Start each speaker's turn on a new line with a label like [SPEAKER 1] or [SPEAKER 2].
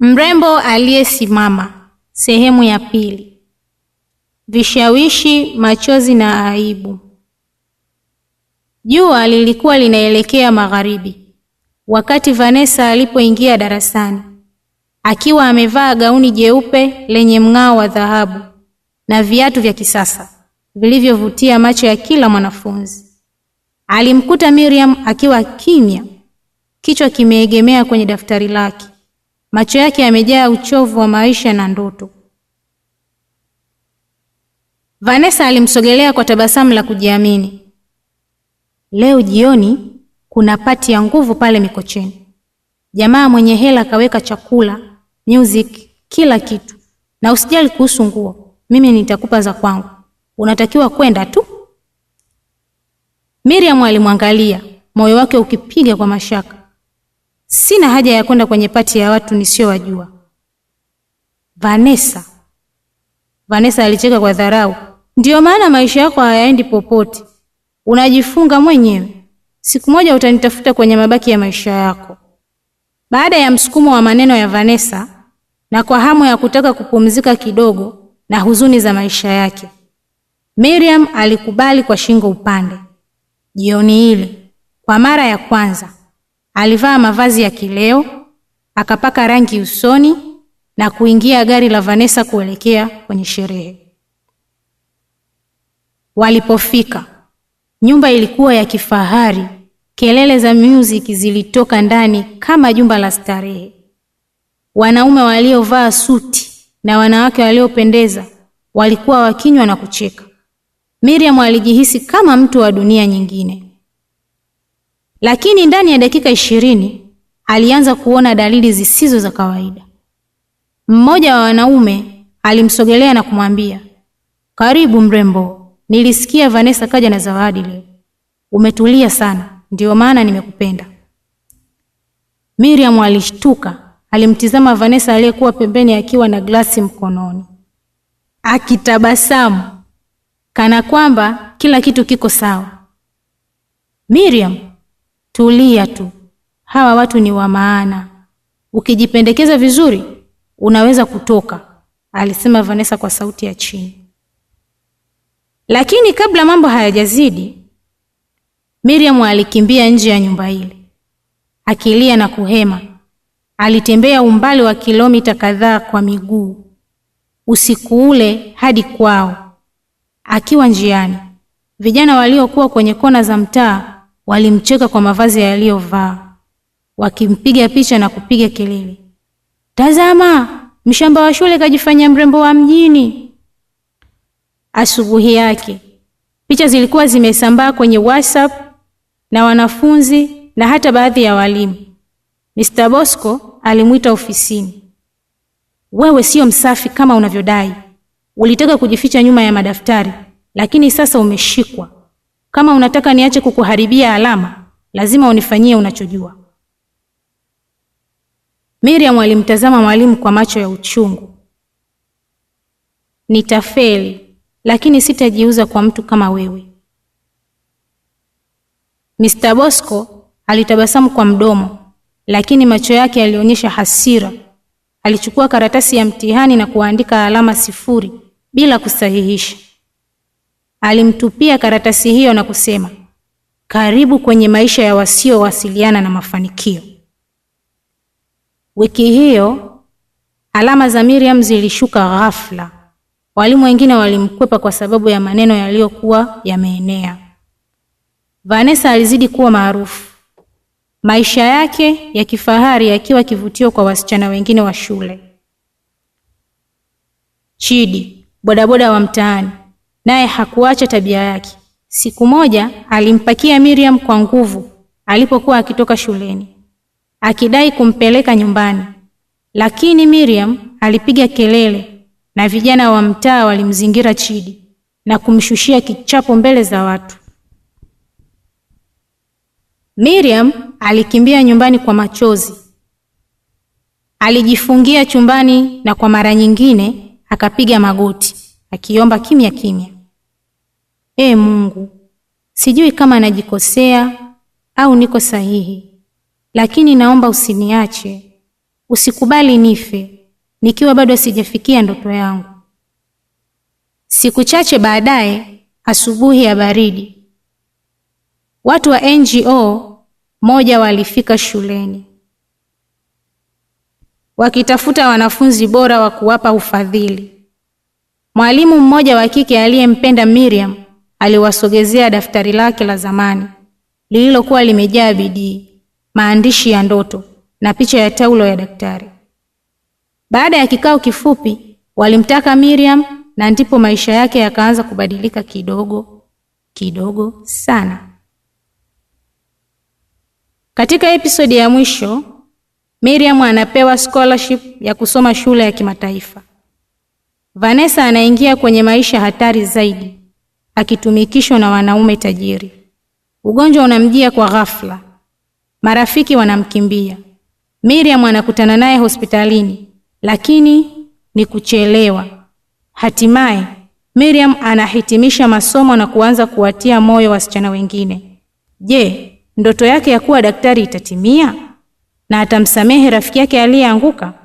[SPEAKER 1] Mrembo aliyesimama sehemu ya pili. Vishawishi, machozi na aibu. Jua lilikuwa linaelekea magharibi wakati Vanessa alipoingia darasani akiwa amevaa gauni jeupe lenye mng'ao wa dhahabu na viatu vya kisasa vilivyovutia macho ya kila mwanafunzi. Alimkuta Miriam akiwa kimya, kichwa kimeegemea kwenye daftari lake. Macho yake yamejaa uchovu wa maisha na ndoto. Vanessa alimsogelea kwa tabasamu la kujiamini. Leo jioni kuna pati ya nguvu pale Mikocheni. Jamaa mwenye hela akaweka chakula, music, kila kitu. Na usijali kuhusu nguo, mimi nitakupa za kwangu. Unatakiwa kwenda tu. Miriam alimwangalia, moyo wake ukipiga kwa mashaka. Sina haja ya kwenda kwenye pati ya watu nisiyowajua. Vanessa, Vanessa alicheka kwa dharau. Ndiyo maana maisha yako hayaendi popote, unajifunga mwenyewe. Siku moja utanitafuta kwenye mabaki ya maisha yako. Baada ya msukumo wa maneno ya Vanessa na kwa hamu ya kutaka kupumzika kidogo na huzuni za maisha yake, Miriam alikubali kwa shingo upande. Jioni ile kwa mara ya kwanza Alivaa mavazi ya kileo, akapaka rangi usoni na kuingia gari la Vanessa kuelekea kwenye sherehe. Walipofika, nyumba ilikuwa ya kifahari. Kelele za muziki zilitoka ndani kama jumba la starehe. Wanaume waliovaa suti na wanawake waliopendeza walikuwa wakinywa na kucheka. Miriam alijihisi kama mtu wa dunia nyingine lakini ndani ya dakika ishirini alianza kuona dalili zisizo za kawaida. Mmoja wa wanaume alimsogelea na kumwambia, karibu mrembo, nilisikia Vanessa kaja na zawadi leo. Umetulia sana, ndiyo maana nimekupenda. Miriam alishtuka, alimtizama Vanessa aliyekuwa pembeni akiwa na glasi mkononi, akitabasamu kana kwamba kila kitu kiko sawa. Miriam Tulia tu, hawa watu ni wa maana, ukijipendekeza vizuri unaweza kutoka, alisema Vanessa kwa sauti ya chini. Lakini kabla mambo hayajazidi, Miriam alikimbia nje ya nyumba ile akilia na kuhema. Alitembea umbali wa kilomita kadhaa kwa miguu usiku ule hadi kwao. Akiwa njiani, vijana waliokuwa kwenye kona za mtaa Walimcheka kwa mavazi yaliyovaa, wakimpiga picha na kupiga kelele, tazama, mshamba wa shule kajifanya mrembo wa mjini. Asubuhi yake picha zilikuwa zimesambaa kwenye WhatsApp na wanafunzi na hata baadhi ya walimu. Mr. Bosco alimwita ofisini. Wewe sio msafi kama unavyodai. Ulitaka kujificha nyuma ya madaftari, lakini sasa umeshikwa. Kama unataka niache kukuharibia alama, lazima unifanyie unachojua. Miriam alimtazama mwalimu kwa macho ya uchungu. Nitafeli, lakini sitajiuza kwa mtu kama wewe. Mr. Bosco alitabasamu kwa mdomo, lakini macho yake yalionyesha hasira. Alichukua karatasi ya mtihani na kuandika alama sifuri bila kusahihisha alimtupia karatasi hiyo na kusema, karibu kwenye maisha ya wasiowasiliana na mafanikio. Wiki hiyo alama za Miriam zilishuka ghafla. Walimu wengine walimkwepa kwa sababu ya maneno yaliyokuwa yameenea. Vanessa alizidi kuwa maarufu, maisha yake ya kifahari yakiwa kivutio kwa wasichana wengine wa shule. Chidi, bodaboda wa mtaani, naye hakuacha tabia yake. Siku moja alimpakia Miriam kwa nguvu alipokuwa akitoka shuleni, akidai kumpeleka nyumbani, lakini Miriam alipiga kelele na vijana wa mtaa walimzingira Chidi na kumshushia kichapo mbele za watu. Miriam alikimbia nyumbani kwa machozi, alijifungia chumbani na kwa mara nyingine akapiga magoti akiomba kimya kimya. Ee Mungu, sijui kama najikosea au niko sahihi, lakini naomba usiniache, usikubali nife nikiwa bado sijafikia ndoto yangu. Siku chache baadaye, asubuhi ya baridi, watu wa NGO moja walifika shuleni wakitafuta wanafunzi bora wa kuwapa ufadhili. Mwalimu mmoja wa kike aliyempenda Miriam aliwasogezea daftari lake la zamani lililokuwa limejaa bidii, maandishi ya ndoto na picha ya taulo ya daktari. Baada ya kikao kifupi, walimtaka Miriam na ndipo maisha yake yakaanza kubadilika kidogo kidogo sana. Katika episodi ya mwisho, Miriam anapewa scholarship ya kusoma shule ya kimataifa. Vanessa anaingia kwenye maisha hatari zaidi akitumikishwa na wanaume tajiri. Ugonjwa unamjia kwa ghafla, marafiki wanamkimbia. Miriam anakutana naye hospitalini, lakini ni kuchelewa. Hatimaye Miriam anahitimisha masomo na kuanza kuwatia moyo wasichana wengine. Je, ndoto yake ya kuwa daktari itatimia na atamsamehe rafiki yake aliyeanguka?